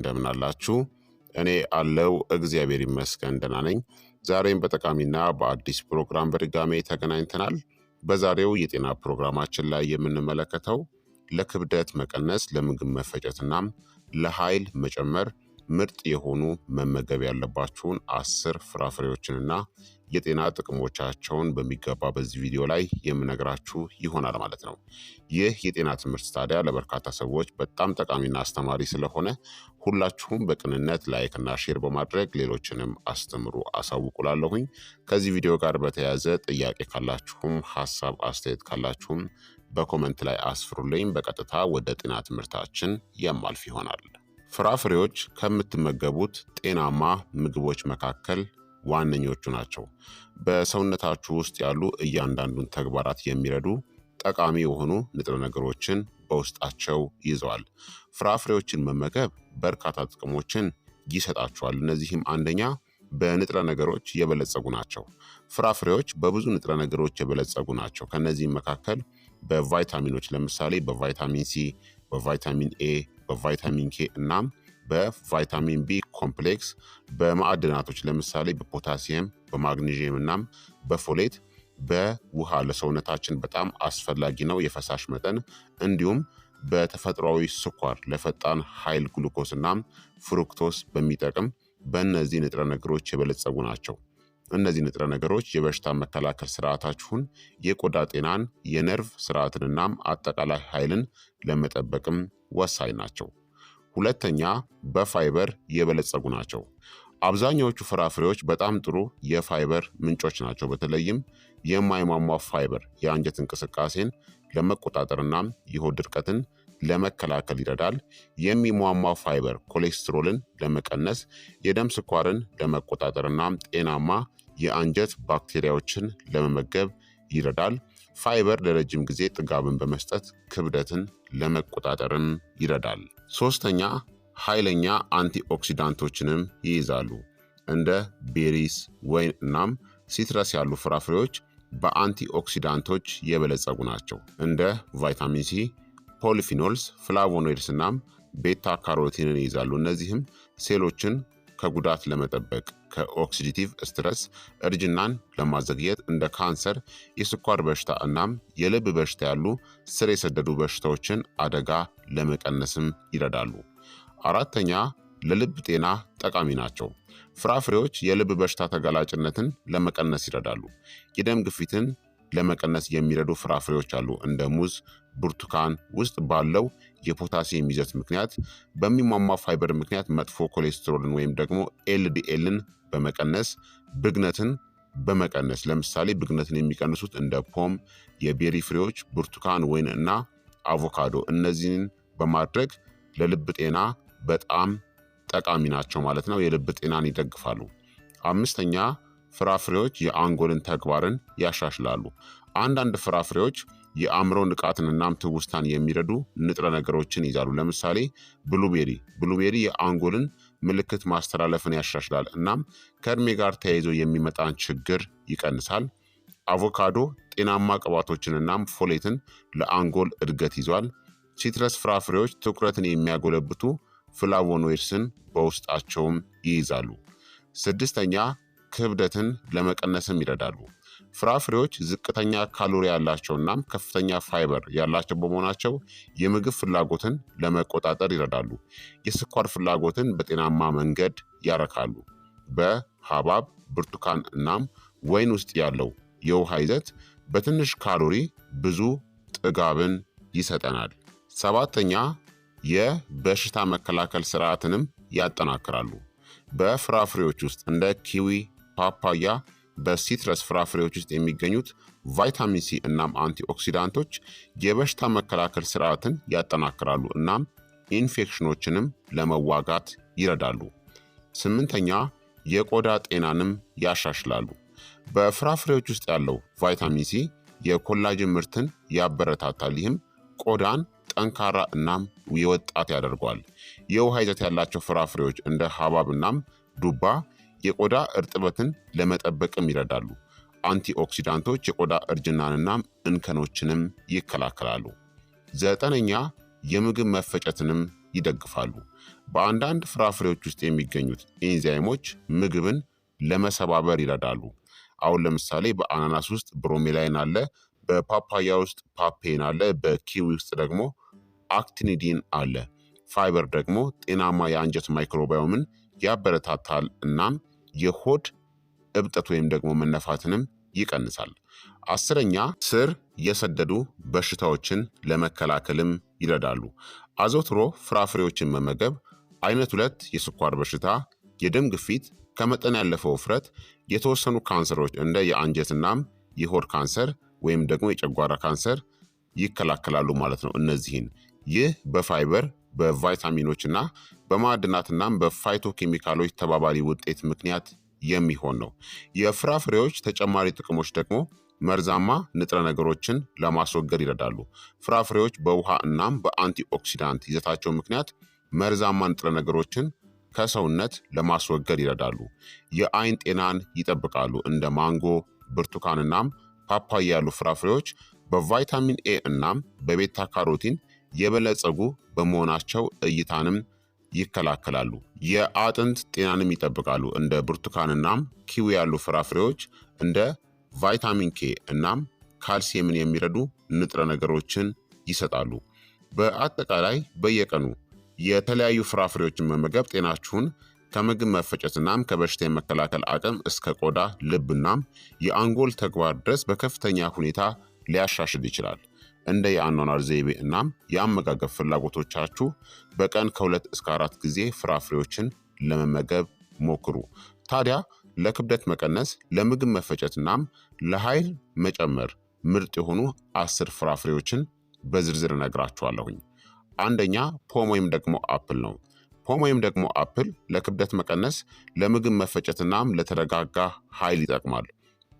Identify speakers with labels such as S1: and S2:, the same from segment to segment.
S1: እንደምናላችሁ እኔ አለው እግዚአብሔር ይመስገን ደህና ነኝ። ዛሬም በጠቃሚና በአዲስ ፕሮግራም በድጋሜ ተገናኝተናል። በዛሬው የጤና ፕሮግራማችን ላይ የምንመለከተው ለክብደት መቀነስ፣ ለምግብ መፈጨትና ለኃይል መጨመር ምርጥ የሆኑ መመገብ ያለባችሁን አስር ፍራፍሬዎችንና የጤና ጥቅሞቻቸውን በሚገባ በዚህ ቪዲዮ ላይ የምነግራችሁ ይሆናል ማለት ነው። ይህ የጤና ትምህርት ታዲያ ለበርካታ ሰዎች በጣም ጠቃሚና አስተማሪ ስለሆነ ሁላችሁም በቅንነት ላይክና ሼር በማድረግ ሌሎችንም አስተምሩ አሳውቁላለሁኝ። ከዚህ ቪዲዮ ጋር በተያያዘ ጥያቄ ካላችሁም ሀሳብ አስተያየት ካላችሁም በኮመንት ላይ አስፍሩልኝ። በቀጥታ ወደ ጤና ትምህርታችን የማልፍ ይሆናል። ፍራፍሬዎች ከምትመገቡት ጤናማ ምግቦች መካከል ዋነኞቹ ናቸው። በሰውነታችሁ ውስጥ ያሉ እያንዳንዱን ተግባራት የሚረዱ ጠቃሚ የሆኑ ንጥረ ነገሮችን በውስጣቸው ይዘዋል። ፍራፍሬዎችን መመገብ በርካታ ጥቅሞችን ይሰጣቸዋል እነዚህም አንደኛ በንጥረ ነገሮች የበለጸጉ ናቸው። ፍራፍሬዎች በብዙ ንጥረ ነገሮች የበለጸጉ ናቸው። ከእነዚህም መካከል በቫይታሚኖች ለምሳሌ በቫይታሚን ሲ፣ በቫይታሚን ኤ፣ በቫይታሚን ኬ እናም በቫይታሚን ቢ ኮምፕሌክስ፣ በማዕድናቶች ለምሳሌ በፖታሲየም፣ በማግኔዥየም እናም በፎሌት፣ በውሃ ለሰውነታችን በጣም አስፈላጊ ነው የፈሳሽ መጠን እንዲሁም በተፈጥሯዊ ስኳር ለፈጣን ኃይል ግሉኮስ እናም ፍሩክቶስ በሚጠቅም በእነዚህ ንጥረ ነገሮች የበለጸጉ ናቸው። እነዚህ ንጥረ ነገሮች የበሽታ መከላከል ስርዓታችሁን፣ የቆዳ ጤናን፣ የነርቭ ስርዓትንናም አጠቃላይ ኃይልን ለመጠበቅም ወሳኝ ናቸው። ሁለተኛ በፋይበር የበለጸጉ ናቸው። አብዛኛዎቹ ፍራፍሬዎች በጣም ጥሩ የፋይበር ምንጮች ናቸው። በተለይም የማይሟሟ ፋይበር የአንጀት እንቅስቃሴን ለመቆጣጠርና የሆድ ድርቀትን ለመከላከል ይረዳል። የሚሟሟ ፋይበር ኮሌስትሮልን ለመቀነስ፣ የደም ስኳርን ለመቆጣጠርና ጤናማ የአንጀት ባክቴሪያዎችን ለመመገብ ይረዳል። ፋይበር ለረጅም ጊዜ ጥጋብን በመስጠት ክብደትን ለመቆጣጠርም ይረዳል። ሶስተኛ ኃይለኛ አንቲኦክሲዳንቶችንም ይይዛሉ። እንደ ቤሪስ፣ ወይን እናም ሲትረስ ያሉ ፍራፍሬዎች በአንቲኦክሲዳንቶች የበለጸጉ ናቸው። እንደ ቫይታሚን ሲ፣ ፖሊፊኖልስ፣ ፍላቮኖይድስ እናም ቤታ ካሮቲንን ይይዛሉ። እነዚህም ሴሎችን ከጉዳት ለመጠበቅ ከኦክሲዲቲቭ ስትረስ፣ እርጅናን ለማዘግየት እንደ ካንሰር፣ የስኳር በሽታ እናም የልብ በሽታ ያሉ ስር የሰደዱ በሽታዎችን አደጋ ለመቀነስም ይረዳሉ። አራተኛ ለልብ ጤና ጠቃሚ ናቸው። ፍራፍሬዎች የልብ በሽታ ተጋላጭነትን ለመቀነስ ይረዳሉ። የደም ግፊትን ለመቀነስ የሚረዱ ፍራፍሬዎች አሉ። እንደ ሙዝ፣ ብርቱካን ውስጥ ባለው የፖታሲየም ይዘት ምክንያት በሚሟሟ ፋይበር ምክንያት መጥፎ ኮሌስትሮልን ወይም ደግሞ ኤልዲኤልን በመቀነስ ብግነትን በመቀነስ ለምሳሌ ብግነትን የሚቀንሱት እንደ ፖም፣ የቤሪ ፍሬዎች፣ ብርቱካን፣ ወይን እና አቮካዶ እነዚህን በማድረግ ለልብ ጤና በጣም ጠቃሚ ናቸው ማለት ነው። የልብ ጤናን ይደግፋሉ። አምስተኛ ፍራፍሬዎች የአንጎልን ተግባርን ያሻሽላሉ። አንዳንድ ፍራፍሬዎች የአእምሮ ንቃትን እናም ትውስታን የሚረዱ ንጥረ ነገሮችን ይዛሉ። ለምሳሌ ብሉቤሪ ብሉቤሪ የአንጎልን ምልክት ማስተላለፍን ያሻሽላል እናም ከእድሜ ጋር ተያይዞ የሚመጣን ችግር ይቀንሳል። አቮካዶ ጤናማ ቅባቶችን እናም ፎሌትን ለአንጎል እድገት ይዟል። ሲትረስ ፍራፍሬዎች ትኩረትን የሚያጎለብቱ ፍላቮኖይድስን በውስጣቸውም ይይዛሉ። ስድስተኛ ክብደትን ለመቀነስም ይረዳሉ። ፍራፍሬዎች ዝቅተኛ ካሎሪ ያላቸው እናም ከፍተኛ ፋይበር ያላቸው በመሆናቸው የምግብ ፍላጎትን ለመቆጣጠር ይረዳሉ። የስኳር ፍላጎትን በጤናማ መንገድ ያረካሉ። በሐብሐብ፣ ብርቱካን እናም ወይን ውስጥ ያለው የውሃ ይዘት በትንሽ ካሎሪ ብዙ ጥጋብን ይሰጠናል። ሰባተኛ የበሽታ መከላከል ስርዓትንም ያጠናክራሉ። በፍራፍሬዎች ውስጥ እንደ ኪዊ፣ ፓፓያ በሲትረስ ፍራፍሬዎች ውስጥ የሚገኙት ቫይታሚን ሲ እናም አንቲኦክሲዳንቶች የበሽታ መከላከል ስርዓትን ያጠናክራሉ እናም ኢንፌክሽኖችንም ለመዋጋት ይረዳሉ። ስምንተኛ የቆዳ ጤናንም ያሻሽላሉ። በፍራፍሬዎች ውስጥ ያለው ቫይታሚን ሲ የኮላጅን ምርትን ያበረታታል። ይህም ቆዳን ጠንካራ እናም የወጣት ያደርገዋል። የውሃ ይዘት ያላቸው ፍራፍሬዎች እንደ ሐብሐብ እናም ዱባ የቆዳ እርጥበትን ለመጠበቅም ይረዳሉ። አንቲኦክሲዳንቶች የቆዳ እርጅናንና እንከኖችንም ይከላከላሉ። ዘጠነኛ የምግብ መፈጨትንም ይደግፋሉ። በአንዳንድ ፍራፍሬዎች ውስጥ የሚገኙት ኤንዛይሞች ምግብን ለመሰባበር ይረዳሉ። አሁን ለምሳሌ በአናናስ ውስጥ ብሮሜላይን አለ፣ በፓፓያ ውስጥ ፓፔን አለ፣ በኪዊ ውስጥ ደግሞ አክቲኒዲን አለ። ፋይበር ደግሞ ጤናማ የአንጀት ማይክሮባዮምን ያበረታታል እናም የሆድ እብጠት ወይም ደግሞ መነፋትንም ይቀንሳል። አስረኛ ስር የሰደዱ በሽታዎችን ለመከላከልም ይረዳሉ። አዘውትሮ ፍራፍሬዎችን መመገብ አይነት ሁለት የስኳር በሽታ፣ የደም ግፊት፣ ከመጠን ያለፈው ውፍረት፣ የተወሰኑ ካንሰሮች እንደ የአንጀትናም የሆድ ካንሰር ወይም ደግሞ የጨጓራ ካንሰር ይከላከላሉ ማለት ነው። እነዚህን ይህ በፋይበር በቫይታሚኖች እና በማዕድናትናም በፋይቶ ኬሚካሎች ተባባሪ ውጤት ምክንያት የሚሆን ነው። የፍራፍሬዎች ተጨማሪ ጥቅሞች ደግሞ መርዛማ ንጥረ ነገሮችን ለማስወገድ ይረዳሉ። ፍራፍሬዎች በውሃ እናም በአንቲ ኦክሲዳንት ይዘታቸው ምክንያት መርዛማ ንጥረ ነገሮችን ከሰውነት ለማስወገድ ይረዳሉ። የአይን ጤናን ይጠብቃሉ። እንደ ማንጎ፣ ብርቱካን እናም ፓፓያ ያሉ ፍራፍሬዎች በቫይታሚን ኤ እናም በቤታ ካሮቲን የበለጸጉ በመሆናቸው እይታንም ይከላከላሉ፣ የአጥንት ጤናንም ይጠብቃሉ። እንደ ብርቱካንናም ኪዊ ያሉ ፍራፍሬዎች እንደ ቫይታሚን ኬ እናም ካልሲየምን የሚረዱ ንጥረ ነገሮችን ይሰጣሉ። በአጠቃላይ በየቀኑ የተለያዩ ፍራፍሬዎችን መመገብ ጤናችሁን ከምግብ መፈጨት እናም ከበሽታ የመከላከል አቅም እስከ ቆዳ፣ ልብ እናም የአንጎል ተግባር ድረስ በከፍተኛ ሁኔታ ሊያሻሽል ይችላል። እንደ የአኗኗር ዘይቤ እናም የአመጋገብ ፍላጎቶቻችሁ በቀን ከሁለት እስከ አራት ጊዜ ፍራፍሬዎችን ለመመገብ ሞክሩ። ታዲያ ለክብደት መቀነስ፣ ለምግብ መፈጨት እናም ለኃይል መጨመር ምርጥ የሆኑ አስር ፍራፍሬዎችን በዝርዝር እነግራችኋለሁኝ። አንደኛ ፖም ወይም ደግሞ አፕል ነው። ፖም ወይም ደግሞ አፕል ለክብደት መቀነስ፣ ለምግብ መፈጨት እናም ለተረጋጋ ኃይል ይጠቅማል።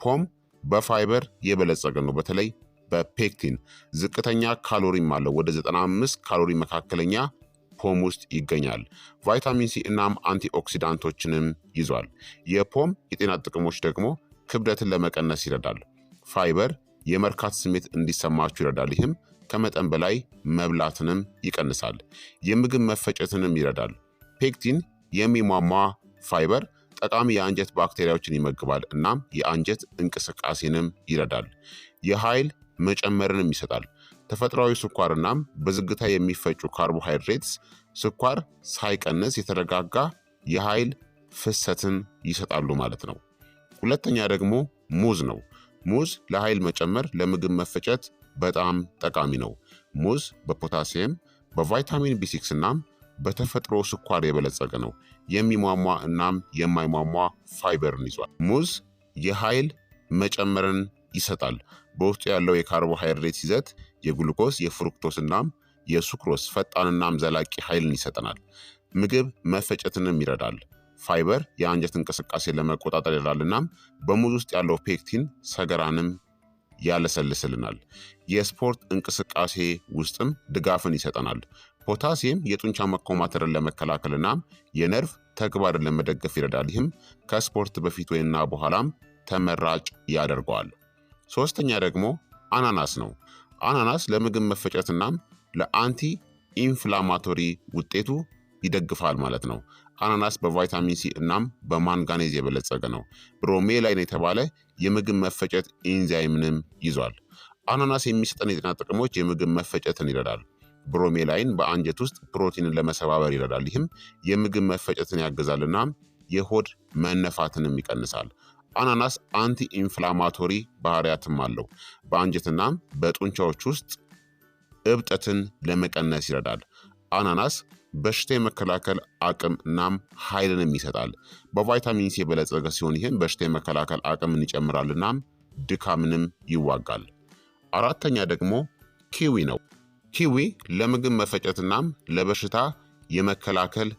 S1: ፖም በፋይበር የበለጸገ ነው በተለይ በፔክቲን ዝቅተኛ ካሎሪም አለው ወደ 95 ካሎሪ መካከለኛ ፖም ውስጥ ይገኛል። ቫይታሚን ሲ እናም አንቲኦክሲዳንቶችንም ይዟል። የፖም የጤና ጥቅሞች ደግሞ ክብደትን ለመቀነስ ይረዳል። ፋይበር የመርካት ስሜት እንዲሰማችሁ ይረዳል። ይህም ከመጠን በላይ መብላትንም ይቀንሳል። የምግብ መፈጨትንም ይረዳል። ፔክቲን የሚሟሟ ፋይበር ጠቃሚ የአንጀት ባክቴሪያዎችን ይመግባል እናም የአንጀት እንቅስቃሴንም ይረዳል። የኃይል መጨመርንም ይሰጣል። ተፈጥሯዊ ስኳርናም በዝግታ የሚፈጩ ካርቦሃይድሬትስ ስኳር ሳይቀንስ የተረጋጋ የኃይል ፍሰትን ይሰጣሉ ማለት ነው። ሁለተኛ ደግሞ ሙዝ ነው። ሙዝ ለኃይል መጨመር፣ ለምግብ መፈጨት በጣም ጠቃሚ ነው። ሙዝ በፖታሲየም በቫይታሚን ቢ6 እናም በተፈጥሮ ስኳር የበለጸገ ነው። የሚሟሟ እናም የማይሟሟ ፋይበርን ይዟል። ሙዝ የኃይል መጨመርን ይሰጣል። በውስጡ ያለው የካርቦሃይድሬት ይዘት የግሉኮስ የፍሩክቶስ እናም የሱክሮስ ፈጣንናም ዘላቂ ኃይልን ይሰጠናል። ምግብ መፈጨትንም ይረዳል። ፋይበር የአንጀት እንቅስቃሴ ለመቆጣጠር ይረዳል። እናም በሙዝ ውስጥ ያለው ፔክቲን ሰገራንም ያለሰልስልናል። የስፖርት እንቅስቃሴ ውስጥም ድጋፍን ይሰጠናል። ፖታሲየም የጡንቻ መኮማተርን ለመከላከል እናም የነርቭ ተግባርን ለመደገፍ ይረዳል። ይህም ከስፖርት በፊት ወይና በኋላም ተመራጭ ያደርገዋል። ሶስተኛ ደግሞ አናናስ ነው። አናናስ ለምግብ መፈጨትናም ለአንቲ ኢንፍላማቶሪ ውጤቱ ይደግፋል ማለት ነው። አናናስ በቫይታሚን ሲ እናም በማንጋኔዝ የበለጸገ ነው። ብሮሜላይን የተባለ የምግብ መፈጨት ኢንዛይምንም ይዟል። አናናስ የሚሰጠን የጤና ጥቅሞች የምግብ መፈጨትን ይረዳል። ብሮሜላይን በአንጀት ውስጥ ፕሮቲንን ለመሰባበር ይረዳል። ይህም የምግብ መፈጨትን ያግዛልና የሆድ መነፋትንም ይቀንሳል። አናናስ አንቲ ኢንፍላማቶሪ ባህሪያትም አለው። በአንጀትና በጡንቻዎች ውስጥ እብጠትን ለመቀነስ ይረዳል። አናናስ በሽታ የመከላከል አቅም እናም ኃይልንም ይሰጣል። በቫይታሚን ሲ የበለጸገ ሲሆን ይህም በሽታ የመከላከል አቅምን ይጨምራል እናም ድካምንም ይዋጋል። አራተኛ ደግሞ ኪዊ ነው። ኪዊ ለምግብ መፈጨት እናም ለበሽታ የመከላከል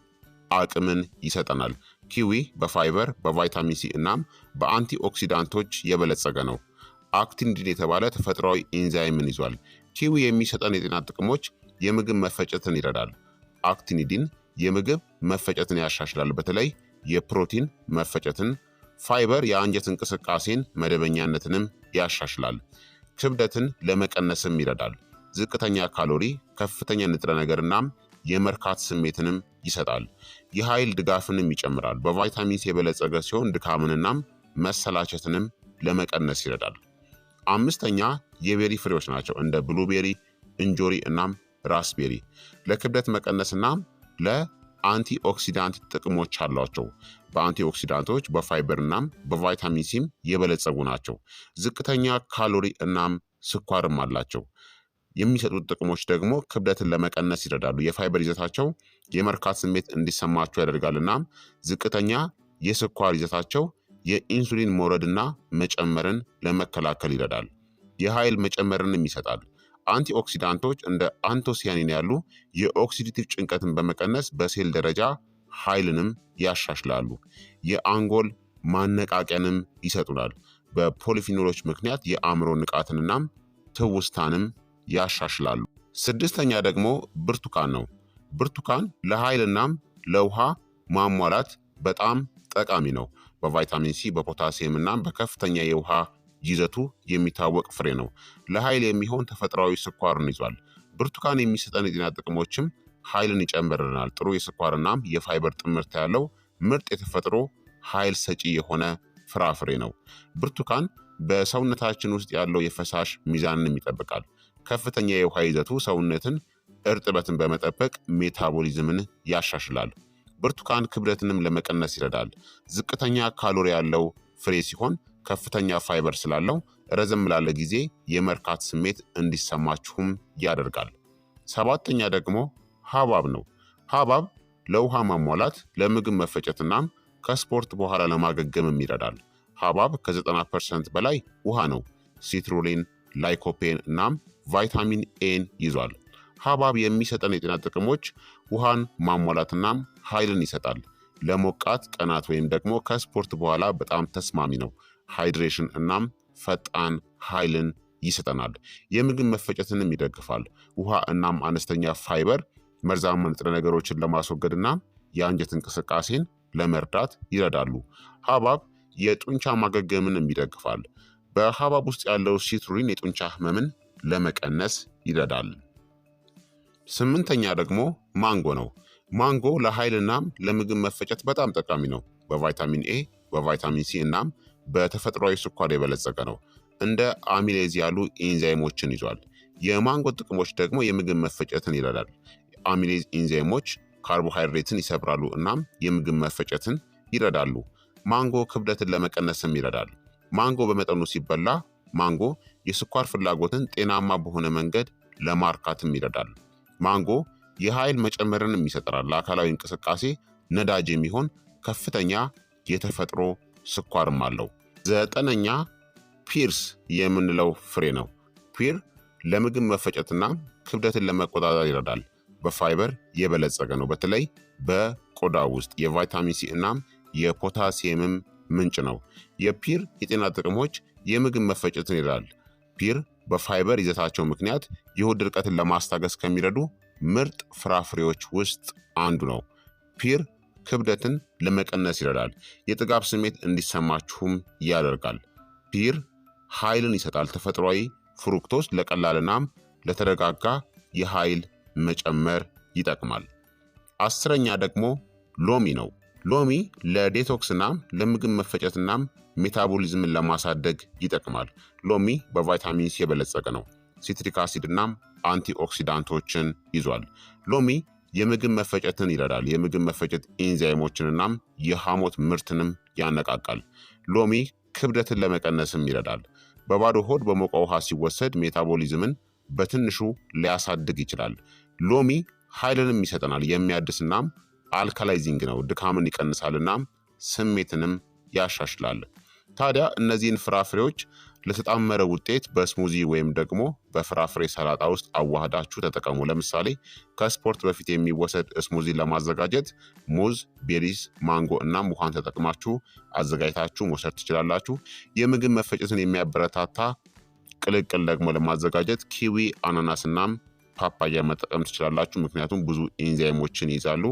S1: አቅምን ይሰጠናል። ኪዊ በፋይበር በቫይታሚን ሲ እናም በአንቲ ኦክሲዳንቶች የበለጸገ ነው። አክቲንዲን የተባለ ተፈጥሯዊ ኢንዛይምን ይዟል። ኪዊ የሚሰጠን የጤና ጥቅሞች የምግብ መፈጨትን ይረዳል። አክቲኒዲን የምግብ መፈጨትን ያሻሽላል፣ በተለይ የፕሮቲን መፈጨትን። ፋይበር የአንጀት እንቅስቃሴን መደበኛነትንም ያሻሽላል። ክብደትን ለመቀነስም ይረዳል። ዝቅተኛ ካሎሪ፣ ከፍተኛ ንጥረ ነገርናም የመርካት ስሜትንም ይሰጣል። የኃይል ድጋፍንም ይጨምራል። በቫይታሚንስ የበለጸገ ሲሆን ድካምንናም መሰላቸትንም ለመቀነስ ይረዳል። አምስተኛ የቤሪ ፍሬዎች ናቸው። እንደ ብሉቤሪ፣ እንጆሪ እናም ራስቤሪ ለክብደት መቀነስና ለአንቲኦክሲዳንት ጥቅሞች አሏቸው። በአንቲኦክሲዳንቶች በፋይበር እናም በቫይታሚን ሲም የበለጸጉ ናቸው። ዝቅተኛ ካሎሪ እናም ስኳርም አላቸው። የሚሰጡት ጥቅሞች ደግሞ ክብደትን ለመቀነስ ይረዳሉ። የፋይበር ይዘታቸው የመርካት ስሜት እንዲሰማቸው ያደርጋል። እናም ዝቅተኛ የስኳር ይዘታቸው የኢንሱሊን መውረድና መጨመርን ለመከላከል ይረዳል። የኃይል መጨመርንም ይሰጣል። አንቲኦክሲዳንቶች እንደ አንቶሲያኒን ያሉ የኦክሲዲቲቭ ጭንቀትን በመቀነስ በሴል ደረጃ ኃይልንም ያሻሽላሉ። የአንጎል ማነቃቂያንም ይሰጡናል። በፖሊፊኖሎች ምክንያት የአእምሮ ንቃትንናም ትውስታንም ያሻሽላሉ። ስድስተኛ ደግሞ ብርቱካን ነው። ብርቱካን ለኃይልናም ለውሃ ማሟላት በጣም ጠቃሚ ነው። በቫይታሚን ሲ፣ በፖታሲየም እና በከፍተኛ የውሃ ይዘቱ የሚታወቅ ፍሬ ነው። ለኃይል የሚሆን ተፈጥሯዊ ስኳርን ይዟል። ብርቱካን የሚሰጠን የጤና ጥቅሞችም ኃይልን ይጨምርልናል። ጥሩ የስኳርናም የፋይበር ጥምርት ያለው ምርጥ የተፈጥሮ ኃይል ሰጪ የሆነ ፍራፍሬ ነው። ብርቱካን በሰውነታችን ውስጥ ያለው የፈሳሽ ሚዛንንም ይጠብቃል። ከፍተኛ የውሃ ይዘቱ ሰውነትን እርጥበትን በመጠበቅ ሜታቦሊዝምን ያሻሽላል። ብርቱካን ክብደትንም ለመቀነስ ይረዳል። ዝቅተኛ ካሎሪ ያለው ፍሬ ሲሆን ከፍተኛ ፋይበር ስላለው ረዘም ላለ ጊዜ የመርካት ስሜት እንዲሰማችሁም ያደርጋል። ሰባተኛ ደግሞ ሐብሐብ ነው። ሐብሐብ ለውሃ ማሟላት፣ ለምግብ መፈጨትናም ከስፖርት በኋላ ለማገገምም ይረዳል። ሐብሐብ ከ90 ፐርሰንት በላይ ውሃ ነው። ሲትሮሊን ላይኮፔን እናም ቫይታሚን ኤን ይዟል። ሐብሐብ የሚሰጠን የጤና ጥቅሞች ውሃን ማሟላትናም ኃይልን ይሰጣል። ለሞቃት ቀናት ወይም ደግሞ ከስፖርት በኋላ በጣም ተስማሚ ነው። ሃይድሬሽን እናም ፈጣን ኃይልን ይሰጠናል። የምግብ መፈጨትንም ይደግፋል። ውሃ እናም አነስተኛ ፋይበር መርዛማ ንጥረ ነገሮችን ለማስወገድና የአንጀት እንቅስቃሴን ለመርዳት ይረዳሉ። ሀባብ የጡንቻ ማገገምንም ይደግፋል። በሀባብ ውስጥ ያለው ሲትሩሊን የጡንቻ ህመምን ለመቀነስ ይረዳል። ስምንተኛ ደግሞ ማንጎ ነው። ማንጎ ለኃይልናም እናም ለምግብ መፈጨት በጣም ጠቃሚ ነው። በቫይታሚን ኤ፣ በቫይታሚን ሲ እናም በተፈጥሯዊ ስኳር የበለጸገ ነው። እንደ አሚሌዝ ያሉ ኢንዛይሞችን ይዟል። የማንጎ ጥቅሞች ደግሞ የምግብ መፈጨትን ይረዳል። አሚሌዝ ኢንዛይሞች ካርቦሃይድሬትን ይሰብራሉ እናም የምግብ መፈጨትን ይረዳሉ። ማንጎ ክብደትን ለመቀነስም ይረዳል። ማንጎ በመጠኑ ሲበላ ማንጎ የስኳር ፍላጎትን ጤናማ በሆነ መንገድ ለማርካትም ይረዳል። ማንጎ የኃይል መጨመርንም ይሰጠናል። ለአካላዊ እንቅስቃሴ ነዳጅ የሚሆን ከፍተኛ የተፈጥሮ ስኳርም አለው። ዘጠነኛ ፒርስ የምንለው ፍሬ ነው። ፒር ለምግብ መፈጨትና ክብደትን ለመቆጣጠር ይረዳል። በፋይበር የበለጸገ ነው። በተለይ በቆዳ ውስጥ የቫይታሚን ሲ እናም የፖታሲየምም ምንጭ ነው። የፒር የጤና ጥቅሞች የምግብ መፈጨትን ይረዳል። ፒር በፋይበር ይዘታቸው ምክንያት የሆድ ድርቀትን ለማስታገስ ከሚረዱ ምርጥ ፍራፍሬዎች ውስጥ አንዱ ነው። ፒር ክብደትን ለመቀነስ ይረዳል፣ የጥጋብ ስሜት እንዲሰማችሁም ያደርጋል። ፒር ኃይልን ይሰጣል። ተፈጥሯዊ ፍሩክቶስ ለቀላልናም ለተረጋጋ የኃይል መጨመር ይጠቅማል። አስረኛ ደግሞ ሎሚ ነው። ሎሚ ለዴቶክስና ለምግብ መፈጨትናም ሜታቦሊዝምን ለማሳደግ ይጠቅማል። ሎሚ በቫይታሚን ሲ የበለጸገ ነው። ሲትሪክ አሲድ እናም አንቲኦክሲዳንቶችን ይዟል። ሎሚ የምግብ መፈጨትን ይረዳል። የምግብ መፈጨት ኤንዛይሞችን እናም የሐሞት ምርትንም ያነቃቃል። ሎሚ ክብደትን ለመቀነስም ይረዳል። በባዶ ሆድ በሞቀ ውሃ ሲወሰድ ሜታቦሊዝምን በትንሹ ሊያሳድግ ይችላል። ሎሚ ኃይልንም ይሰጠናል። የሚያድስናም አልካላይዚንግ ነው። ድካምን ይቀንሳልናም ስሜትንም ያሻሽላል። ታዲያ እነዚህን ፍራፍሬዎች ለተጣመረ ውጤት በስሙዚ ወይም ደግሞ በፍራፍሬ ሰላጣ ውስጥ አዋህዳችሁ ተጠቀሙ። ለምሳሌ ከስፖርት በፊት የሚወሰድ ስሙዚ ለማዘጋጀት ሙዝ፣ ቤሪስ፣ ማንጎ እናም ውሃን ተጠቅማችሁ አዘጋጅታችሁ መውሰድ ትችላላችሁ። የምግብ መፈጨትን የሚያበረታታ ቅልቅል ደግሞ ለማዘጋጀት ኪዊ፣ አናናስ እናም ፓፓያ መጠቀም ትችላላችሁ፣ ምክንያቱም ብዙ ኢንዛይሞችን ይይዛሉ።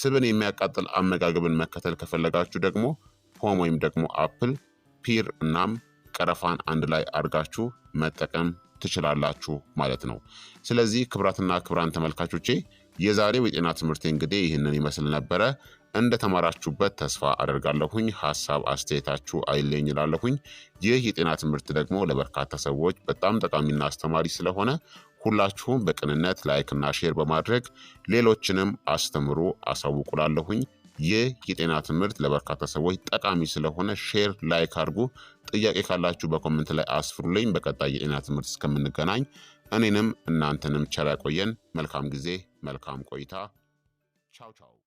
S1: ስብን የሚያቃጥል አመጋገብን መከተል ከፈለጋችሁ ደግሞ ፖም ወይም ደግሞ አፕል ፒር እናም ቀረፋን አንድ ላይ አድርጋችሁ መጠቀም ትችላላችሁ ማለት ነው። ስለዚህ ክብራትና ክብራን ተመልካቾቼ የዛሬው የጤና ትምህርት እንግዲህ ይህንን ይመስል ነበረ። እንደተማራችሁበት ተስፋ አደርጋለሁኝ። ሀሳብ አስተያየታችሁ አይለኝ ይላለሁኝ። ይህ የጤና ትምህርት ደግሞ ለበርካታ ሰዎች በጣም ጠቃሚና አስተማሪ ስለሆነ ሁላችሁም በቅንነት ላይክና ሼር በማድረግ ሌሎችንም አስተምሩ አሳውቁላለሁኝ። ይህ የጤና ትምህርት ለበርካታ ሰዎች ጠቃሚ ስለሆነ ሼር፣ ላይክ አድርጉ። ጥያቄ ካላችሁ በኮመንት ላይ አስፍሩልኝ። በቀጣይ የጤና ትምህርት እስከምንገናኝ እኔንም እናንተንም ቸር ያቆየን። መልካም ጊዜ፣ መልካም ቆይታ። ቻው ቻው።